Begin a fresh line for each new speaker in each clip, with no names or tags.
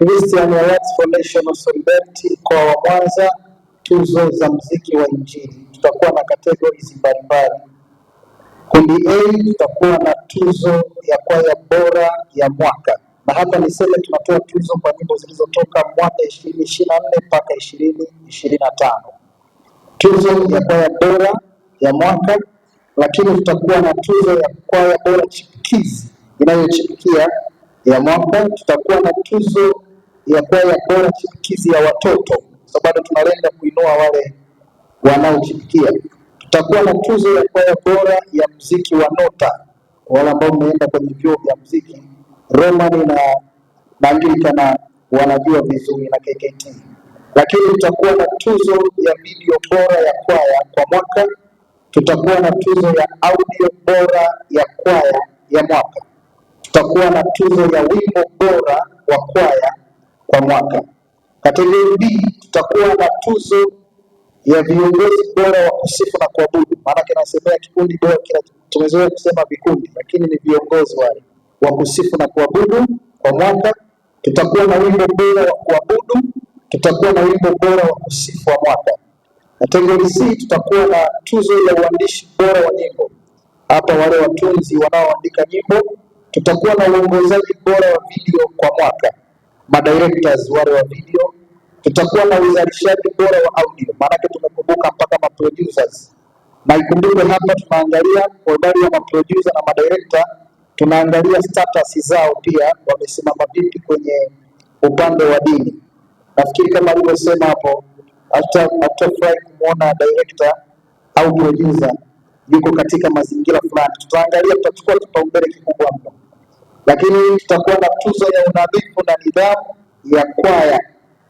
Christian Awards Foundation of Solidarity mkoa wa Mwanza, tuzo za mziki wa Injili. Tutakuwa na categories mbalimbali. Kundi A tutakuwa na tuzo ya kwaya bora ya mwaka, na hapa niseme tunatoa tuzo kwa nyimbo zilizotoka mwaka ishirini ishirini na nne mpaka ishirini ishirini na tano tuzo ya kwaya bora ya mwaka, lakini tutakuwa na tuzo ya kwaya bora chipukizi inayochipukia ya mwaka. Tutakuwa na tuzo ya kuwa ya bora chipkizi ya watoto, sababu bado tunalenga kuinua wale wanaochipikia. Tutakuwa na tuzo ya kwaya bora ya mziki wa nota, wale ambao mmeenda kwenye vyuo vya mziki Romani na na Anglikana wanajua vizuri na KKT. Lakini tutakuwa na tuzo ya video bora ya kwaya kwa mwaka, tutakuwa na tuzo ya audio bora ya kwaya ya mwaka, tutakuwa na tuzo ya wimbo bora wa kwaya kwa mwaka. Kategoria B tutakuwa na tuzo ya viongozi bora wa kusifu na kuabudu. Maana kinasemea kikundi bora, tumezoea kusema vikundi, lakini ni viongozi wale wa kusifu na kuabudu kwa mwaka. Tutakuwa na wimbo bora wa kuabudu, tutakuwa na wimbo bora wa kusifu wa mwaka. Kategoria C tutakuwa na tuzo ya uandishi bora wa nyimbo, hapa wale watunzi wanaoandika nyimbo. Tutakuwa na uongozaji bora wa video kwa mwaka madirectors wale wa video, tutakuwa na uzalishaji bora wa audio, maanake tumekumbuka mpaka maproducers. Na ikumbukwe hapa tunaangalia habari ya maproducer na madirector, tunaangalia status zao pia, wamesimama vipi kwenye upande wa dini. Nafikiri kama alivyosema hapo, hatutafurahi kumwona director au producer yuko katika mazingira fulani. Tutaangalia, tutachukua kipaumbele kikubwa mno. Lakini tutakuwa na tuzo ya unadhifu na nidhamu ya kwaya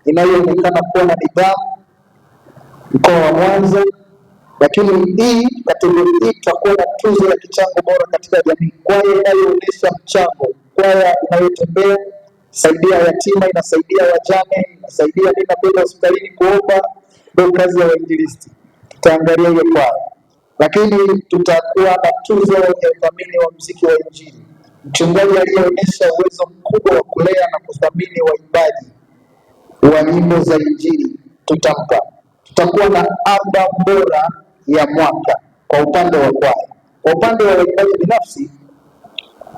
inayoonekana kuwa na nidhamu mkoa wa Mwanza. Lakini hii kategori hii tutakuwa na tuzo ya kichango bora katika jamii, kwaya inayoonyesha mchango, kwaya inayotembea saidia yatima, inasaidia wajane, inasaidia mimi kwenda hospitalini kuomba, ndio kazi ya wainjilisti. Tutaangalia hiyo kwaya, lakini tutakuwa na tuzo ya udhamini wa mziki wa Injili mchungaji aliyeonyesha uwezo mkubwa wa kulea na kuthamini waimbaji wa nyimbo za Injili tutampa. Tutakuwa na ada bora ya mwaka kwa upande wa kwaya. Kwa upande wa waimbaji binafsi,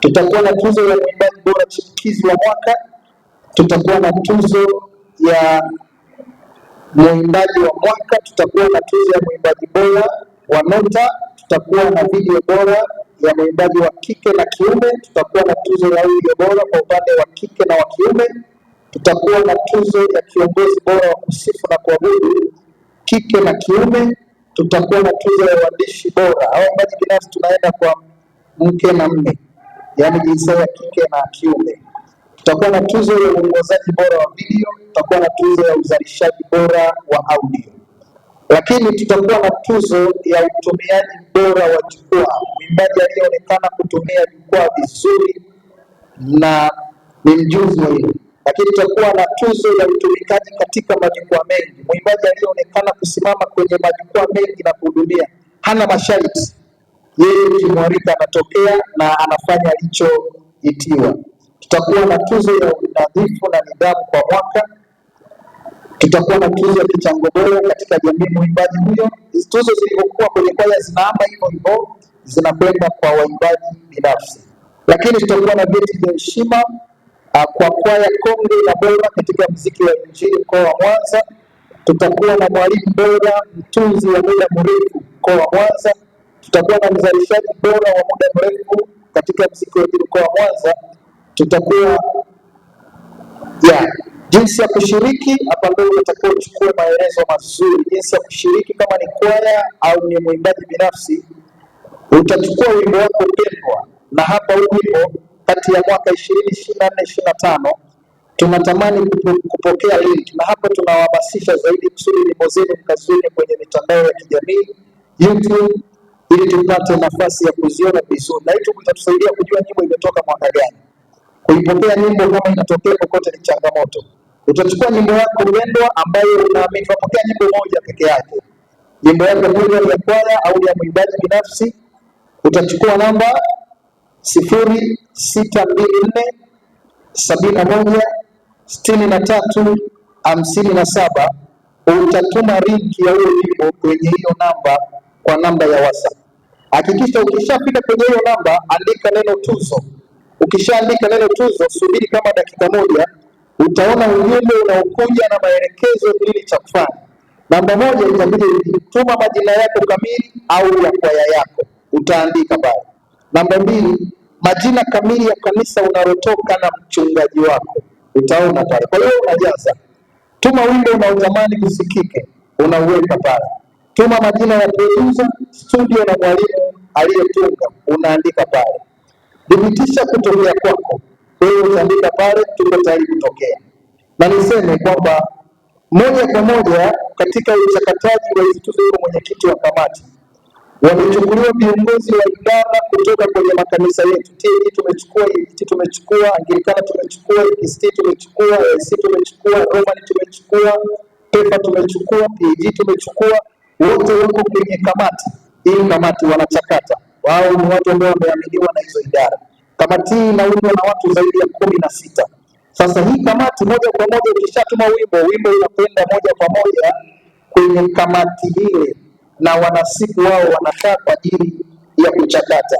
tutakuwa na tuzo ya mwimbaji bora chipukizi wa mwaka, tutakuwa na tuzo ya mwimbaji wa mwaka, tutakuwa na tuzo ya mwimbaji bora wa nota, tutakuwa na video bora ya mwimbaji wa kike na kiume. Tutakuwa na tuzo ya audio bora kwa upande wa kike na wa kiume. Tutakuwa na tuzo ya kiongozi bora wa kusifu na kuabudu kike na kiume. Tutakuwa na tuzo ya uandishi bora. au Waimbaji binafsi tunaenda kwa mke na mme, yaani jinsia ya kike na kiume. Tutakuwa na tuzo ya uongozaji bora wa video. Tutakuwa na tuzo ya uzalishaji bora wa audio. Lakini tutakuwa na tuzo ya utumiaji bora wa jukwaa, mwimbaji aliyeonekana kutumia jukwaa vizuri na ni mjuzi Lakini tutakuwa na tuzo ya utumikaji katika majukwaa mengi, mwimbaji aliyeonekana kusimama kwenye majukwaa mengi na kuhudumia, hana masharti, yeye ukimwarika anatokea na anafanya alichoitiwa. Tutakuwa na tuzo ya unadhifu na nidhamu kwa mwaka tutakuwa na tuzo ya kichango bora katika jamii. Mwimbaji huyo, tuzo zilivyokuwa kwenye kwaya zinaamba hivyo hivyo, zinakwenda kwa waimbaji binafsi, lakini tutakuwa na vyeti vya heshima ah, kwa kwaya kongwe na bora katika mziki wa injili mkoa wa Mwanza. Tutakuwa na mwalimu bora, mtunzi wa muda mrefu mkoa wa Mwanza. Tutakuwa na mzalishaji bora wa muda mrefu katika mziki wa injili mkoa wa Mwanza. Tutakuwa ya jinsi ya kushiriki hapa, ndio utakuwa uchukue maelezo mazuri jinsi ya kushiriki, kama ni kwaya au ni mwimbaji binafsi. Utachukua wimbo wako pendwa, na hapa huu wimbo kati ya mwaka ishirini ishirini na nne ishirini na tano tunatamani kupokea link, na hapa tunawahamasisha zaidi kusudi nyimbo zenu mkazione kwenye mitandao ya kijamii YouTube, ili tupate nafasi ya kuziona vizuri, na hii itatusaidia kujua nyimbo imetoka mwaka gani. Kuipokea nyimbo kama inatokea kokote ni changamoto. Utachukua nyimbo yako pendwa ambayo unaamini, unapokea nyimbo moja peke yake, nyimbo yako pendwa ya kwaya au ya mwimbaji binafsi, utachukua namba sifuri sita mbili nne sabini na moja sitini na tatu hamsini na saba utatuma link ya huyo wimbo kwenye hiyo namba kwa namba ya WhatsApp. Hakikisha ukishafika kwenye hiyo namba, andika neno tuzo Ukishaandika neno tuzo, subiri kama dakika moja, utaona ujumbe unaokuja na maelekezo nini cha kufanya. Namba moja, itabidi tuma majina yako kamili au ya kwaya yako, utaandika pale. Namba mbili, majina kamili ya kanisa unalotoka na mchungaji wako, utaona pale. Kwa hiyo unajaza. Tuma wimbo unaotamani kusikike, unauweka pale. Tuma majina ya producer, studio na mwalimu aliyetunga, unaandika pale thibitisha kutokea kwako wewe, utaandika pale, tuko tayari kutokea. Na niseme kwamba moja kwa moja katika uchakataji wa hizi tuzo, mwenyekiti wa kamati wamechukuliwa viongozi wa idara kutoka kwenye makanisa yetu. TAG tumechukua, EAGT tumechukua, Anglikana tumechukua, EPCT tumechukua, AIC tumechukua, Roman tumechukua, PEPA tumechukua, PAG tumechukua, wote wako kwenye kamati hii. Kamati wanachakata wao ni watu ambao wameaminiwa na hizo idara. Kamati hii inaundwa na watu zaidi ya kumi na sita. Sasa hii kamati moja kwa moja, ikishatuma wimbo, wimbo unakwenda moja kwa moja kwenye kamati ile, na wanasiku wao wanakaa kwa ajili ya kuchakata.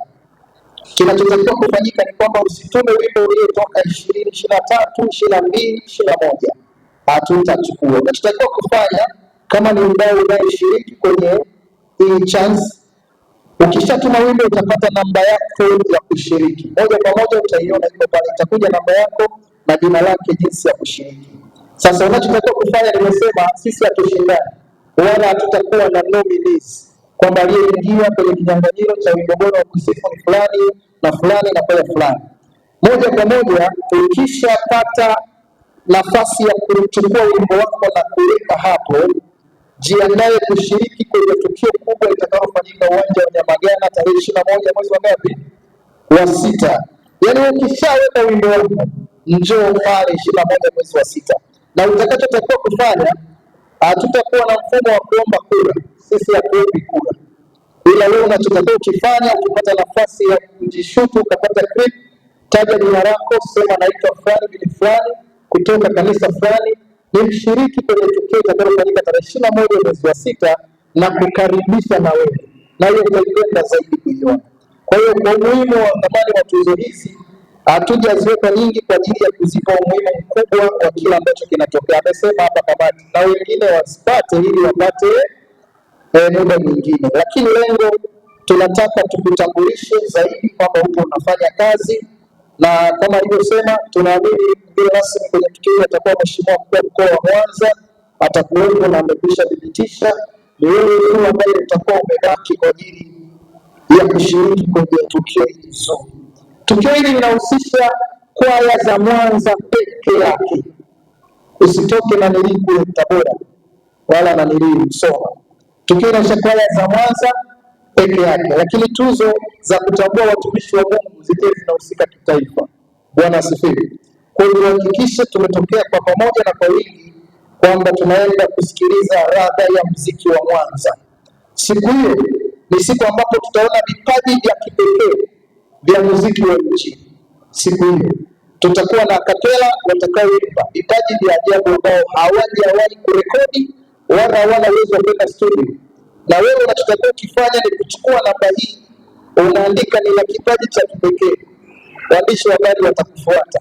Kinachotakiwa kufanyika ni kwamba usitume wimbo uliotoka ishirini ishirini na tatu ishirini na mbili ishirini na moja hatutachukua. Unachotakiwa kufanya kama ni mdau unayeshiriki kwenye hii chance Ukishatuma wimbo utapata namba yako ya kushiriki moja kwa moja, utaiona iko pale, itakuja namba yako na jina lake, jinsi ya kushiriki. Sasa unachotakiwa kufanya, nimesema sisi hatushindani wala hatutakuwa na nominees, kwamba aliyeingia kwenye kinyang'anyiro cha wimbo bora wa kusifu ni fulani na fulani na pale fulani. Moja kwa moja, ukishapata nafasi ya kuchukua wimbo wako na kuweka hapo jiandaye kushiriki kwenye tukio kubwa litakalofanyika uwanja wa Nyamagana tarehe ishirini na moja mwezi wa ngapi? Wa sita. Yaani ukishaweka wimbo wako njoo pale ishirini na moja mwezi wa sita, na utakachotakiwa kufanya, hatutakuwa na mfumo wa kuomba kura, sisi hatuombi kura, ila wewe unachotakiwa ukifanya, ukipata nafasi ya kujishutu, ukapata clip, taja jina lako, sema naitwa fulani bin fulani kutoka kanisa fulani ni mshiriki kwenye tukio itakalofanyika tarehe ishirini na moja mwezi wa sita na kukaribisha na wewe, na hiyo nitaipenda zaidi kuiona. Kwa hiyo kwa umuhimu wa thamani wa tuzo hizi ah, hatujaziweka nyingi kwa ajili ya kuzipa umuhimu mkubwa wa kile ambacho kinatokea. Amesema hapa kamati na wengine wasipate ili wapate e, muda mwingine, lakini lengo tunataka tukutambulishe zaidi kwamba upo unafanya kazi na kama alivyosema, tunaamini mgeni rasmi kwenye tukio atakuwa Mheshimiwa Mkuu wa Mkoa wa Mwanza atakuwepo na amekwisha thibitisha. Ni wewe tu ambaye utakuwa umebaki kwa ajili ya kushiriki kwenye tukio hili zuri. Tukio hili linahusisha kwaya za Mwanza peke yake, usitoke na nilii kule Tabora wala na nilii Msoma. Tukio linahusisha kwaya za Mwanza peke yake, lakini tuzo za kutambua watumishi wa Mungu zikiwa zinahusika kitaifa. Bwana asifiwe. Kwa hiyo tuhakikishe tumetokea kwa pamoja na kwa wingi, kwamba tunaenda kusikiliza radha ya mziki wa Mwanza. Siku hiyo ni siku ambapo tutaona vipaji vya kipekee vya muziki wa nchi. Siku hiyo tutakuwa na kapela watakaoimba vipaji vya ajabu ambao hawajawahi kurekodi wala hawana uwezo wa kwenda studio na wewe unachotakiwa kufanya ni kuchukua namba hii, unaandika nina kipaji cha kipekee, waandishi wa habari watakufuata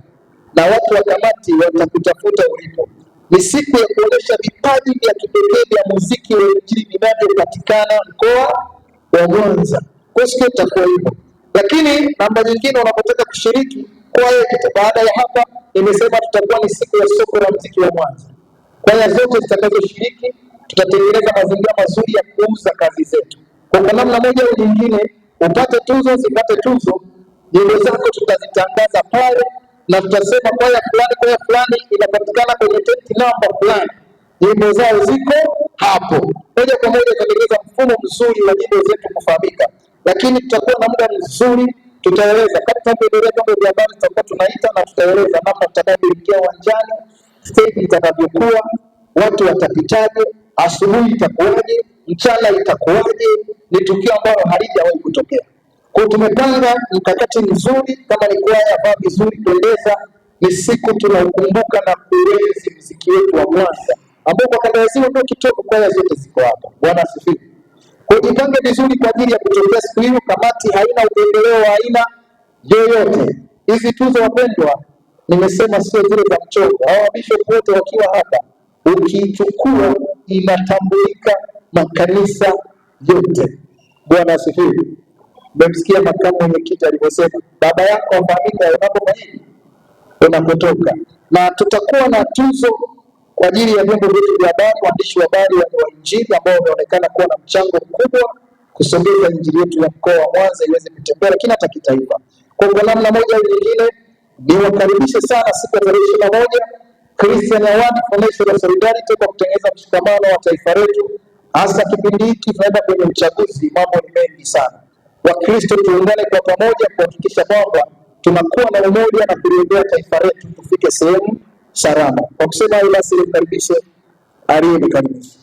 na watu wa kamati watakutafuta ulipo. Ni siku ya kuonyesha vipaji vya kipekee vya muziki wa injili vinavyopatikana mkoa wa Mwanza. Kwa siku itakuwa hivyo, lakini namba nyingine unapotaka kushiriki kwaya. Baada ya hapa, nimesema tutakuwa ni siku ya soko la muziki wa Mwanza, kwaya zote zitakazoshiriki tutatengeneza mazingira mazuri ya kuuza kazi zetu kwa namna moja au nyingine, upate tuzo zipate tuzo, nyimbo zako tutazitangaza pale na tutasema kwaya fulani, kwaya fulani inapatikana kwenye tenti namba fulani, nyimbo zao ziko hapo. Moja kwa moja itatengeneza mfumo mzuri wa nyimbo zetu kufahamika, lakini tutakuwa na muda mzuri, tutaeleza kama tunavyoendelea vyombo vya habari, tutakuwa tunaita na tutaeleza namna tutakavyoingia uwanjani, stage itakavyokuwa, watu watapitaje asubuhi itakuwaje, mchana itakuwaje, ni tukio ambalo halijawahi kutokea. Kwa tumepanga mkakati mzuri kama ni kwaya vaa vizuri, pendeza. Ni siku tunaukumbuka na kuenzi mziki wetu wa Mwanza ambao kwa kanda ya Ziwa ndio kitoko, kwaya zote ziko hapa. Bwana asifiwe. Kwa jipange vizuri kwa ajili ya kutokea siku hiyo. Kamati haina upendeleo wa aina yoyote. Hizi tuzo wapendwa, nimesema sio zile za mchoko. Hawa bishop wote wakiwa hapa ukiichukua inatambulika makanisa yote. Bwana asifiwe. Mmemsikia makamu mwenyekiti alivyosema, baba yako afahamika mambo mawili unapotoka, na tutakuwa na tuzo kwa ajili ya vyombo vyetu vya habari, waandishi wa habari wa Injili ambao wameonekana kuwa na mchango mkubwa kusogeza injili yetu ya mkoa wa Mwanza iweze kutembea, lakini hata kitaifa. Kwa namna moja au nyingine, niwakaribishe sana siku ya tarehe ishirini na moja Christian Award Foundation ya Solidarity kwa kutengeneza mshikamano wa taifa letu, hasa kipindi hiki tunaenda kwenye uchaguzi. Mambo ni mengi sana. Wakristo tuungane kwa pamoja kuhakikisha kwamba tunakuwa na umoja na kuliombea taifa letu tufike sehemu salama. Kwa kusema hayo basi, nimkaribishe aliyenikaribisha.